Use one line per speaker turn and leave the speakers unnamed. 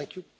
thank you.